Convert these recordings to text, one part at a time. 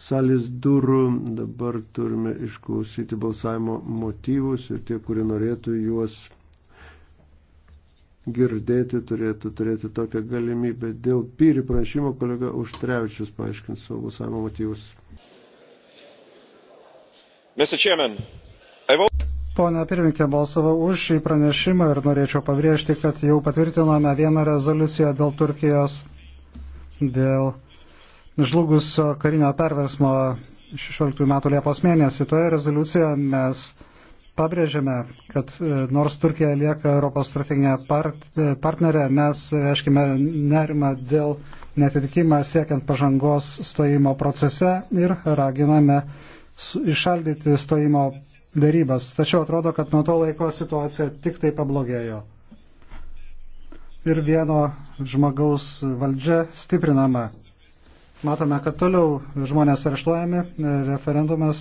salės durų. Dabar turime išklausyti balsavimo motyvus ir tie, kurie norėtų juos girdėti, turėtų turėti tokią galimybę. Dėl pyri prašymo kolega Užtrevičius paaiškins savo balsavimo motyvus. Pone pirmininkė, balsavau už šį pranešimą ir norėčiau pabrėžti, kad jau patvirtinome vieną rezoliuciją dėl Turkijos, dėl žlugusio karinio perversmo 16 metų Liepos mėnesį. Toje rezoliucijoje mes pabrėžiame, kad e, nors Turkija lieka Europos strateginė part, e, partnerė, mes reiškime nerimą dėl netitikimą siekiant pažangos stojimo procese ir raginame išaldyti stojimo darybas. Tačiau atrodo, kad nuo to laiko situacija tik tai pablogėjo. Ir vieno žmogaus valdžia stiprinama. Matome, kad toliau žmonės areštuojami, referendumas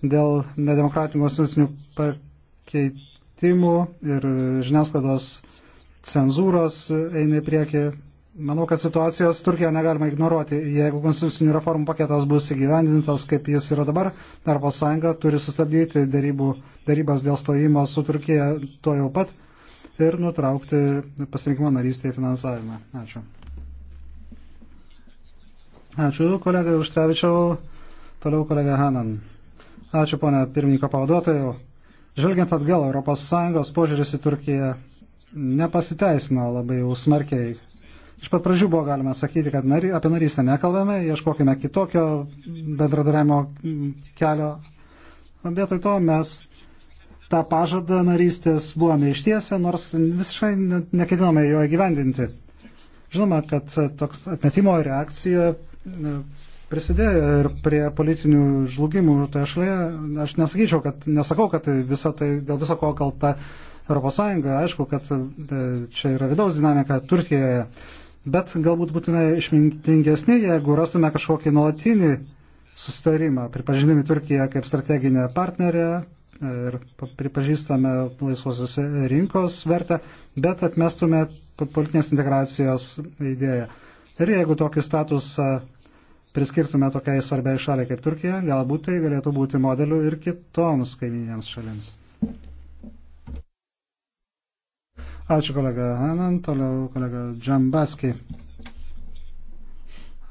dėl nedemokratinių konstitucinių pakeitimų ir žiniasklaidos cenzūros eina į priekį. Manau, kad situacijos Turkijoje negalima ignoruoti. Jeigu konstitucinių reformų paketas bus įgyvendintas, kaip jis yra dabar, Europos Sąjunga turi sustabdyti darybų, darybas dėl stojimo su Turkija tuo jau pat ir nutraukti pasirinkimo narystėje finansavimą. Ačiū. Ačiū, kolega Užtrevičiau. Toliau kolega Hanan. Ačiū, ponia pirmininko pavaduotojų. Žvelgiant atgal, ES požiūris į Turkiją nepasiteisino labai jau smarkiai. Iš pat pradžių buvo galima sakyti, kad nary, apie narystę nekalbame, ieškokime kitokio bendradarbiavimo kelio. Vietoj to mes tą pažadą narystės buvome ištiesę, nors visiškai neketinome jo įgyvendinti. Žinoma, kad toks atmetimo reakcija prisidėjo ir prie politinių žlugimų toje šalyje. Aš nesakyčiau, kad, nesakau, kad visa tai, dėl viso ko kalta ES, aišku, kad e, čia yra vidaus dinamika Turkijoje, bet galbūt būtume išmintingesni, jeigu rastume kažkokį nuolatinį sustarimą, pripažinami Turkiją kaip strateginę partnerę ir pripažįstame laisvosios rinkos vertę, bet atmestume politinės integracijos idėją. Ir jeigu tokį statusą priskirtume tokiai svarbiai šaliai kaip Turkija, galbūt tai galėtų būti modeliu ir kitoms kaiminėms šalims. Ačiū kolega Hanan, toliau kolega Džambaski.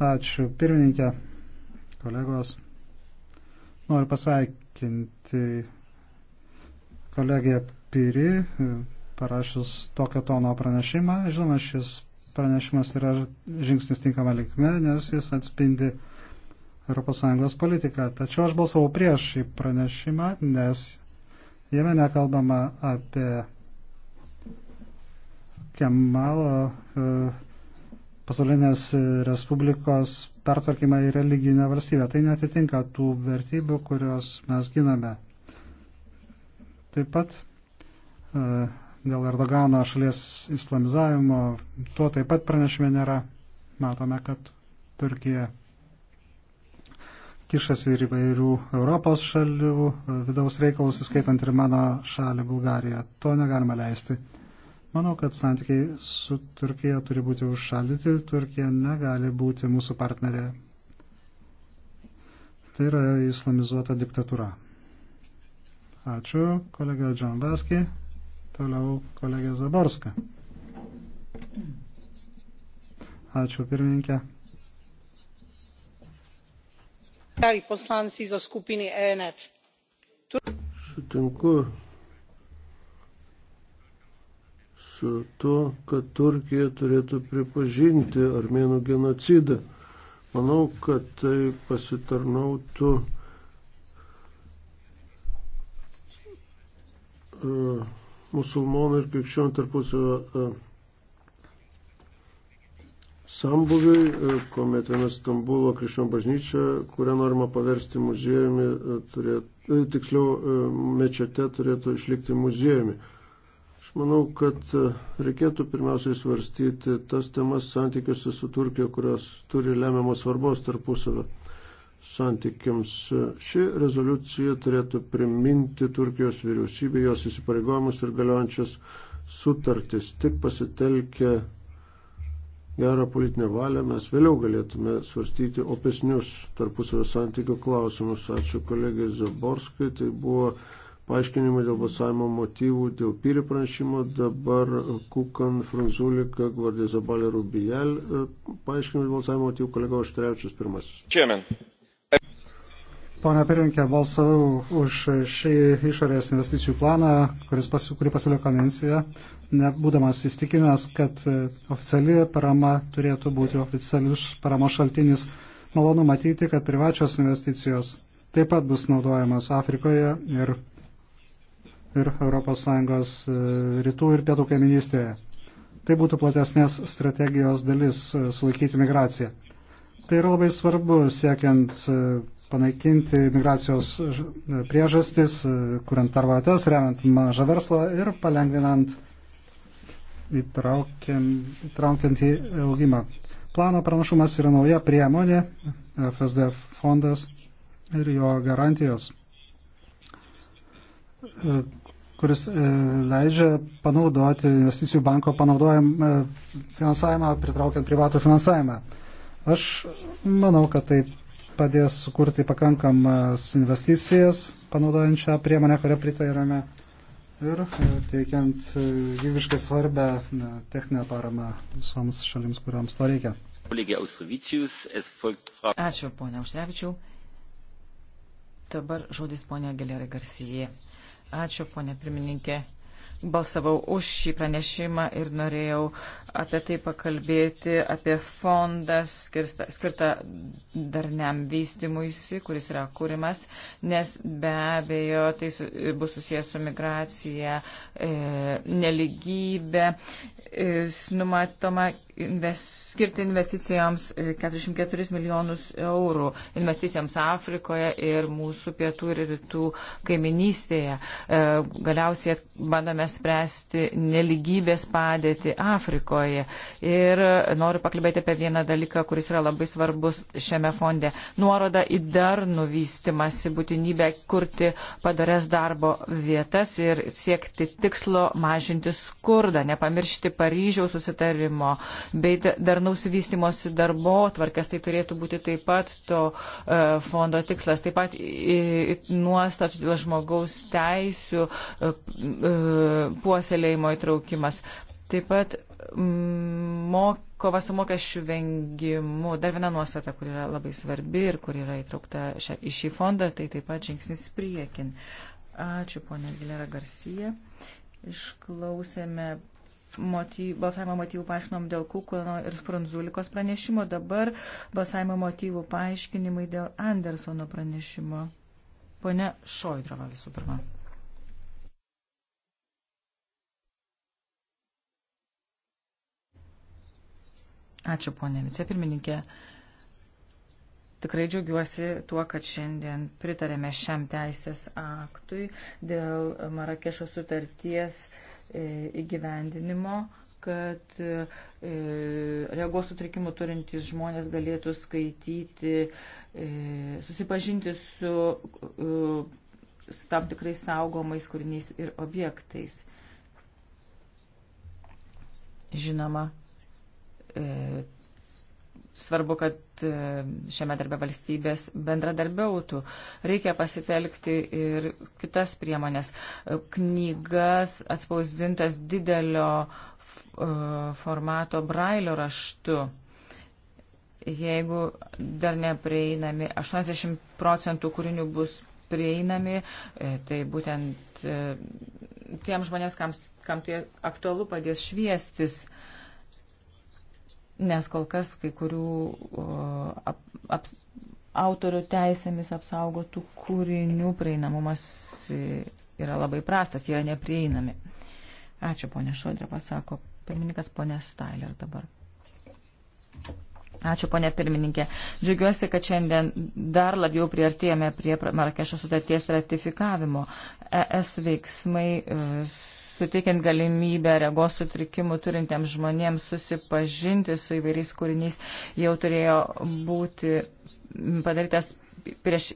Ačiū pirmininkė, kolegos. Noriu pasveikinti kolegiją Piri, parašius tokio tono pranešimą. Žinoma, šis pranešimas yra žingsnis tinkama linkme, nes jis atspindi ES politiką. Tačiau aš balsavau prieš šį pranešimą, nes jame nekalbama apie Kemalo e, pasaulinės Respublikos pertvarkymą į religinę valstybę. Tai netitinka tų vertybių, kurios mes giname. Taip pat e, dėl Erdogano šalies islamizavimo, tuo taip pat pranešime nėra. Matome, kad Turkija kišasi ir įvairių Europos šalių e, vidaus reikalus, įskaitant ir mano šalį Bulgariją. To negalima leisti. Manau, kad santykiai su Turkija turi būti užšaldyti. Turkija negali būti mūsų partnerė. Tai yra islamizuota diktatūra. Ačiū, kolega Džan Vaski. Toliau kolegė Zaborska. Ačiū pirmininkė. E Sutinku su to, kad Turkija turėtų pripažinti armėnų genocidą. Manau, kad tai pasitarnautų uh, musulmonų ir krikščionių tarpusavio e, sambuviui, e, kuomet viena Stambulo krikščionių bažnyčia, kurią norima paversti muziejumi, e, turėtų, tiksliau mečete turėtų išlikti muziejumi. Aš manau, kad reikėtų pirmiausiai svarstyti tas temas santykiuose su Turkija, kurios turi lemiamos svarbos tarpusavio santykiams. Ši rezoliucija turėtų priminti Turkijos vyriausybė jos įsipareigojimus ir galiojančias sutartis. Tik pasitelkę gerą politinę valią mes vėliau galėtume svarstyti opesnius tarpusavio santykių klausimus. Ačiū kolegai Zaborskai, tai buvo paaiškinimai dėl balsavimo motyvų, dėl pyri pranešimo, dabar Kukan, Franzulika, Gvardė Zabalė Rubijel, paaiškinimai dėl balsavimo motyvų, kolega Oštrevičius pirmasis. Čiemen. Pone Pirinkė, balsavau už šį išorės investicijų planą, pas, kurį pasiūlė konvencija, nebūdamas įstikinęs, kad oficiali parama turėtų būti oficialius paramos šaltinis. Malonu matyti, kad privačios investicijos taip pat bus naudojamas Afrikoje ir, ir ES e, rytų ir pietų kaiminystėje. Tai būtų platesnės strategijos dalis e, sulaikyti migraciją. Tai yra labai svarbu siekiant e, panaikinti migracijos e, priežastis, e, kuriant tarvates, remiant mažą verslą ir palengvinant įtraukiant, įtraukiant į augimą. Plano pranašumas yra nauja priemonė, FSD fondas ir jo garantijos, kuris leidžia panaudoti investicijų banko panaudojimą finansavimą, pritraukiant privatų finansavimą. Aš manau, kad tai padės sukurti pakankamas investicijas, panaudojant šią priemonę, kurią pritairame ir e, teikiant e, gyviškai svarbę e, techninę paramą visoms šalims, kuriams to reikia. Ačiū, ponia Užtrevičiau. Dabar žodis ponia Galerai Garsijai. Ačiū, ponia pirmininkė balsavau už šį pranešimą ir norėjau apie tai pakalbėti, apie fondą skirtą, skirtą darniam vystimuisi, kuris yra kūrimas, nes be abejo tai su, bus susijęs su migracija, e, neligybė, e, numatoma invest, skirti investicijoms 44 e, milijonus eurų investicijoms Afrikoje ir mūsų pietų ir rytų kaiminystėje. E, galiausiai bandome spręsti neligybės padėti Afrikoje. Ir noriu pakalbėti apie vieną dalyką, kuris yra labai svarbus šiame fonde. Nuoroda į darnų vystimąsi, būtinybę kurti padarės darbo vietas ir siekti tikslo mažinti skurdą, nepamiršti Paryžiaus susitarimo bei darnaus vystimosi darbo tvarkas. Tai turėtų būti taip pat to e, fondo tikslas. Taip pat nuostatų dėl žmogaus teisų e, e, puoselėjimo įtraukimas. Taip pat mok, kova su mokesčių vengimu, dar viena nuostata, kur yra labai svarbi ir kur yra įtraukta šia, į šį fondą, tai taip pat žingsnis priekin. Ačiū, ponė Gilera Garcija. Išklausėme motyv, balsavimo motyvų paaiškinom dėl Kukono ir Franzulikos pranešimo, dabar balsavimo motyvų paaiškinimai dėl Andersono pranešimo. Pone Šoidrova visų pirma. Ačiū, ponė vicepirmininkė. Tikrai džiaugiuosi tuo, kad šiandien pritarėme šiam teisės aktui dėl Marakešo sutarties uh, E, įgyvendinimo, kad e, reagos sutrikimų turintys žmonės galėtų skaityti, e, susipažinti su, su tam tikrais saugomais kūriniais ir objektais. Žinoma, svarbu, kad e, šiame darbe valstybės bendradarbiautų. Reikia pasitelkti ir kitas priemonės. E, knygas atspausdintas didelio e, formato brailio raštu. Jeigu dar neprieinami, 80 procentų kūrinių bus prieinami, tai būtent tiem žmonėms, kam, kam tai aktualu, padės šviestis nes kol kas kai kurių ap, ap, autorių teisėmis apsaugotų kūrinių prieinamumas yra labai prastas, yra neprieinami. Ačiū, ponė Šodrė, pasako pirmininkas ponė Stailer dabar. Ačiū, ponė pirmininkė. Džiugiuosi, kad šiandien dar labiau priartėjome prie Marakešo sutarties ratifikavimo. ES veiksmai. E, suteikiant galimybę regos sutrikimų turintiems žmonėms susipažinti su įvairiais kūriniais, jau turėjo būti padarytas prieš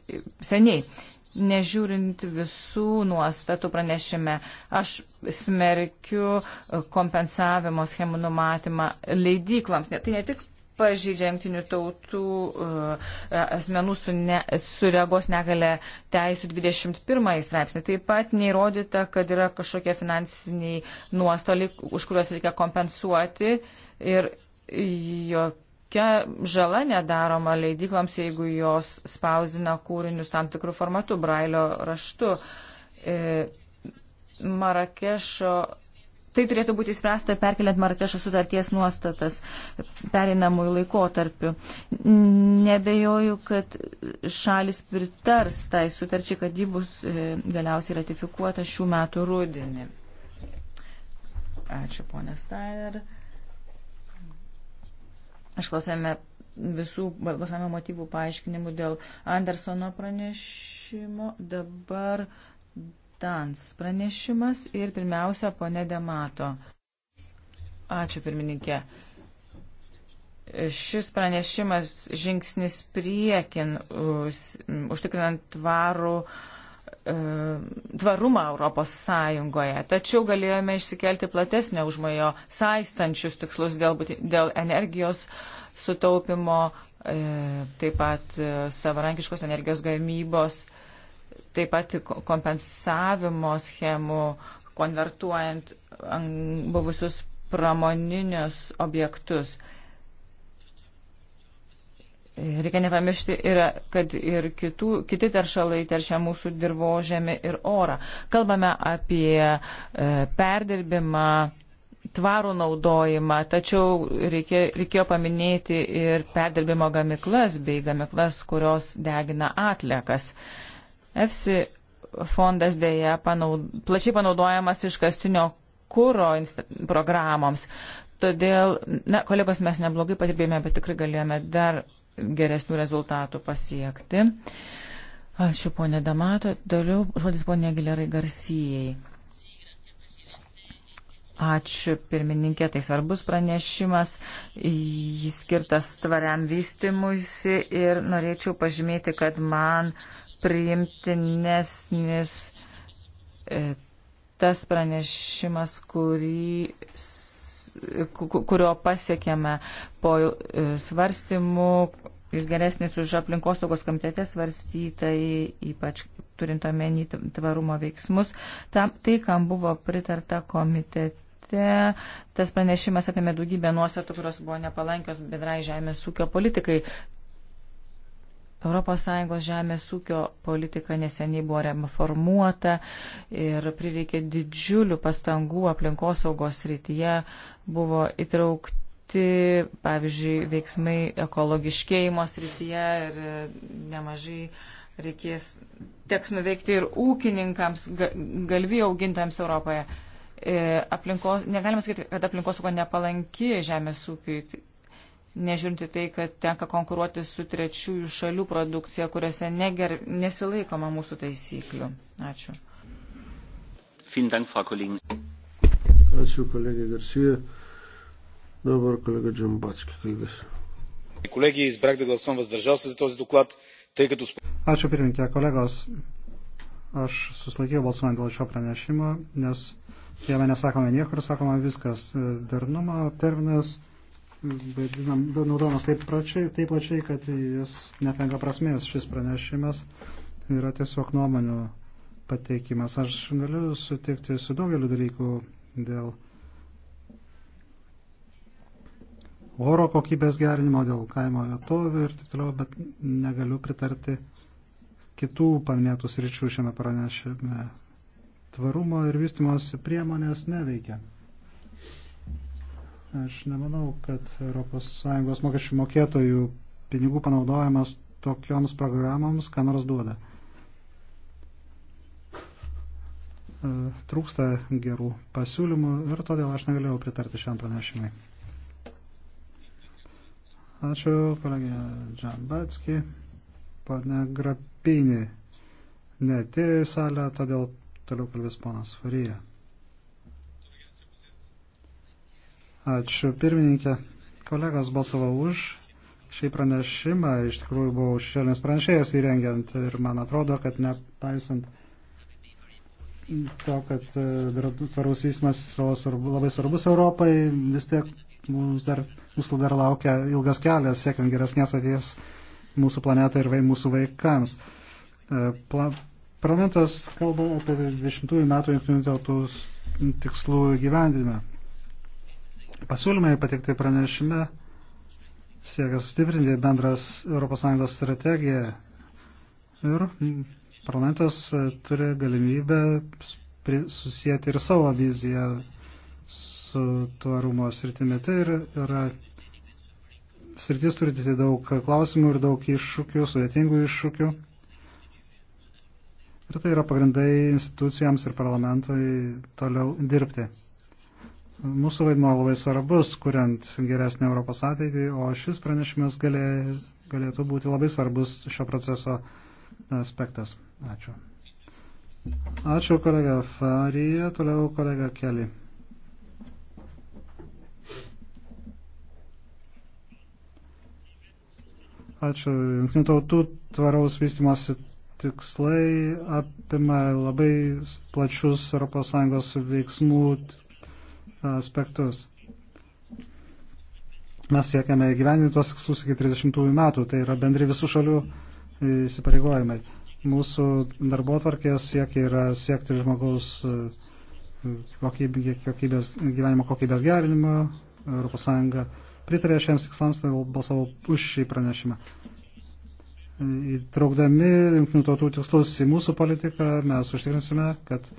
seniai. Nežiūrint visų nuostatų pranešime, aš smerkiu kompensavimo schemų numatymą leidyklams. Tai ne tik pažydžia jungtinių tautų uh, asmenų su, ne, su regos negale teisų 21 straipsnį. Taip pat neįrodyta, kad yra kažkokie finansiniai nuostoliai, už kuriuos reikia kompensuoti ir jokia žala nedaroma leidikloms, jeigu jos spausdina kūrinius tam tikrų formatų, brailio raštu. E, Marakešo Tai turėtų būti spręsta perkeliant Marakešo sutarties nuostatas pereinamųjų laikotarpių. Nebejoju, kad šalis pritars tai sutarčiai, kad ji bus e, galiausiai ratifikuota šių metų rudinį. Ačiū, ponė Steiner. Aš klausėme visų balsavimo motyvų paaiškinimų dėl Andersono pranešimo. Dabar Dans pranešimas ir pirmiausia ponė Demato. Ačiū pirmininkė. Šis pranešimas žingsnis priekin, užtikrinant tvarų e, tvarumą Europos Sąjungoje. Tačiau galėjome išsikelti platesnio užmojo saistančius tikslus dėl, dėl energijos sutaupimo, e, taip pat e, savarankiškos energijos gamybos taip pat kompensavimo schemų, konvertuojant buvusius pramoninius objektus. Reikia nepamiršti, ir, kad ir kitų, kiti teršalai teršia mūsų dirbožėmį ir orą. Kalbame apie e, perdirbimą, tvarų naudojimą, tačiau reikė, reikėjo paminėti ir perdirbimo gamiklas bei gamiklas, kurios degina atlikas. E, EFSI fondas dėja panaud, plačiai panaudojamas iškastinio kūro programoms. Todėl, na, kolegos, mes neblogai padirbėjome, bet tikrai galėjome dar geresnių rezultatų pasiekti. Ačiū, ponė Damato. Toliau žodis ponė Gilerai Garsijai. Ačiū, pirmininkė, tai svarbus pranešimas, jis skirtas tvariam vystimuisi ir norėčiau pažymėti, kad man uh, priimtinesnis e, tas pranešimas, kurį kurio pasiekėme po e, svarstymų, jis geresnis už aplinkosaugos komitete svarstytai, ypač turint omeny tvarumo veiksmus. Ta, tai, kam buvo pritarta komitete, tas pranešimas apėmė daugybę nuostatų, kurios buvo nepalankios bedrai žemės ūkio politikai. ES žemės ūkio politika neseniai buvo reformuota ir prireikė didžiulių pastangų aplinkosaugos rytyje, buvo įtraukti, pavyzdžiui, veiksmai ekologiškėjimo srityje ir e, nemažai reikės, teks nuveikti ir ūkininkams, galvijų augintojams Europoje. E, aplinkos, negalima sakyti, kad aplinkosauga nepalanki žemės ūkiui nežiūrinti tai, kad tenka konkuruoti su trečiųjų šalių produkcija, kuriuose neger, nesilaikoma mūsų taisyklių. Ačiū. Ačiū kolegė Garsija. Dabar kolega Džambatski kalbės. Kolegija, избрах да гласувам въздържал се за този доклад, тъй като... Ačiū pirmininkė, kolegos. Aš susilaikiau balsuojant dėl šio pranešimo, nes jame nesakome niekur, sakoma viskas. Darnumo terminas naudojamas taip, pračiai, taip plačiai, kad jis netenka prasmės. Šis pranešimas tai yra tiesiog nuomonių pateikimas. Aš galiu sutikti su daugeliu dalykų dėl oro kokybės gerinimo, dėl kaimo vietovių ir taip toliau, bet negaliu pritarti kitų paminėtų sričių šiame pranešime. Tvarumo ir vystimosi priemonės neveikia. Aš nemanau, kad ES mokesčių mokėtojų pinigų panaudojimas tokioms programoms ką nors duoda. E, trūksta gerų pasiūlymų ir todėl aš negalėjau pritarti šiam pranešimui. Ačiū, kolegė Džambatski. Pane Grapinį neatėjo į salę, todėl toliau kalbės ponas Farija. Ačiū pirmininkė. Kolegos balsavo už šį pranešimą. Iš tikrųjų buvau šešėlinis pranešėjas įrengiant ir man atrodo, kad nepaisant to, kad e, tvarus vystimas labai svarbus Europai, vis tiek mums dar, mūsų dar laukia ilgas kelias siekiant geresnės ateities mūsų planetai ir vai, mūsų vaikams. E, pla, parlamentas kalba apie 20 metų jungtinių tautų tikslų gyvendinimą. Pasiūlymai patikti pranešime siekia sustiprinti bendras ES strategiją ir parlamentas turi galimybę susijęti ir savo viziją su tvarumo sritimi. Tai ir, yra sritis turite daug klausimų ir daug iššūkių, sudėtingų iššūkių. Ir tai yra pagrindai institucijams ir parlamentui toliau dirbti mūsų vaidmuo labai svarbus, kuriant geresnį Europos ateitį, o šis pranešimas galė, galėtų būti labai svarbus šio proceso aspektas. Ačiū. Ačiū kolega Farija, toliau kolega Keli. Ačiū. Junktinių tautų tvaraus vystimosi tikslai apima labai plačius ES veiksmų aspektus. Mes siekiame įgyveninti tuos tikslus iki 30 metų, tai yra bendri visų šalių įsipareigojimai. Mūsų darbo tvarkės siekia yra siekti žmogaus e, kokybės, gyvenimo kokybės gerinimo. ES pritarė šiems tikslams, tai balsavau už šį pranešimą. Įtraukdami jungtinių tautų tikslus į mūsų politiką, mes užtikrinsime, kad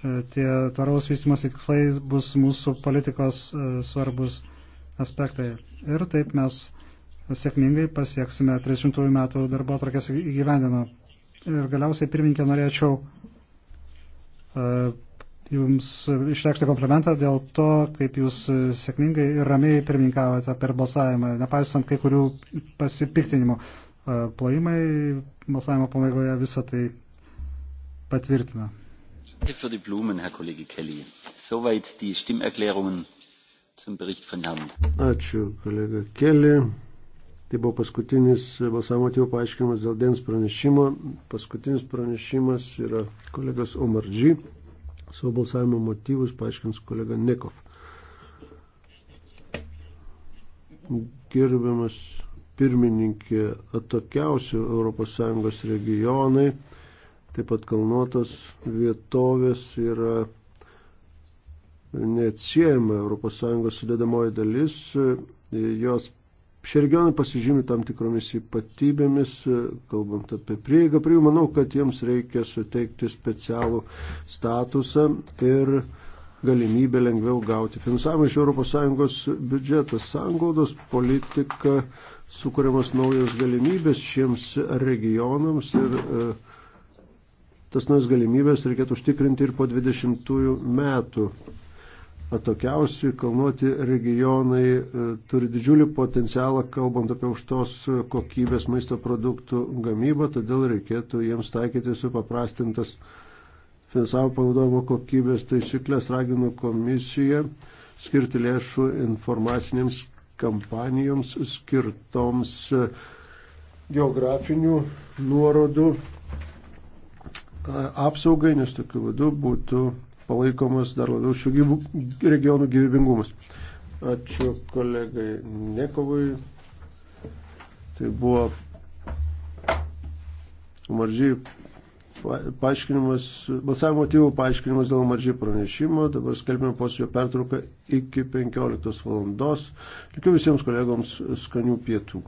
E, tie tvaraus vystimas tikslai bus mūsų politikos e, svarbus aspektai. Ir taip mes sėkmingai pasieksime 30 metų darbo atrakės įgyvendino. Ir galiausiai, pirminkė, norėčiau e, Jums išreikšti komplementą dėl to, kaip Jūs sėkmingai ir ramiai pirmininkavote per balsavimą, nepaisant kai kurių pasipiktinimų. Plojimai balsavimo pabaigoje visą tai patvirtina. Danke für die Blumen, Herr Kollege Kelly. Soweit die Stimmerklärungen zum Bericht von Herrn. Ačiū, kolega Kelly. Tai buvo paskutinis balsavimo motyvų paaiškinimas dėl dens pranešimo. Paskutinis pranešimas yra kolegas Omardži. Savo balsavimo motyvus paaiškins kolega Nekov. Gerbiamas pirmininkė, atokiausių ES regionai taip pat kalnuotos vietovės yra neatsiejama ES sudėdamoji dalis. Jos šie regionai pasižymi tam tikromis ypatybėmis, kalbant apie prieigą prie jų, manau, kad jiems reikia suteikti specialų statusą ir galimybę lengviau gauti finansavimą iš ES biudžetas. Sanglaudos politika sukūriamas naujos galimybės šiems regionams ir uh, tas nors galimybės reikėtų užtikrinti ir po 20 metų. Atokiausi kalnuoti regionai e, turi didžiulį potencialą, kalbant apie užtos kokybės maisto produktų gamybą, todėl reikėtų jiems taikyti supaprastintas finansavimo panaudojimo kokybės taisyklės, raginu komisiją skirti lėšų informacinėms kampanijoms skirtoms e, geografinių nuorodų apsaugai, nes tokiu vadu būtų palaikomas dar labiau šių gyvų, regionų gyvybingumas. Ačiū kolegai Nekovui. Tai buvo maržiai paaiškinimas, balsavimo motyvų paaiškinimas dėl maržiai pranešimo. Dabar skelbime posėdžio pertrauką iki 15 valandos. Likiu visiems kolegoms skanių pietų.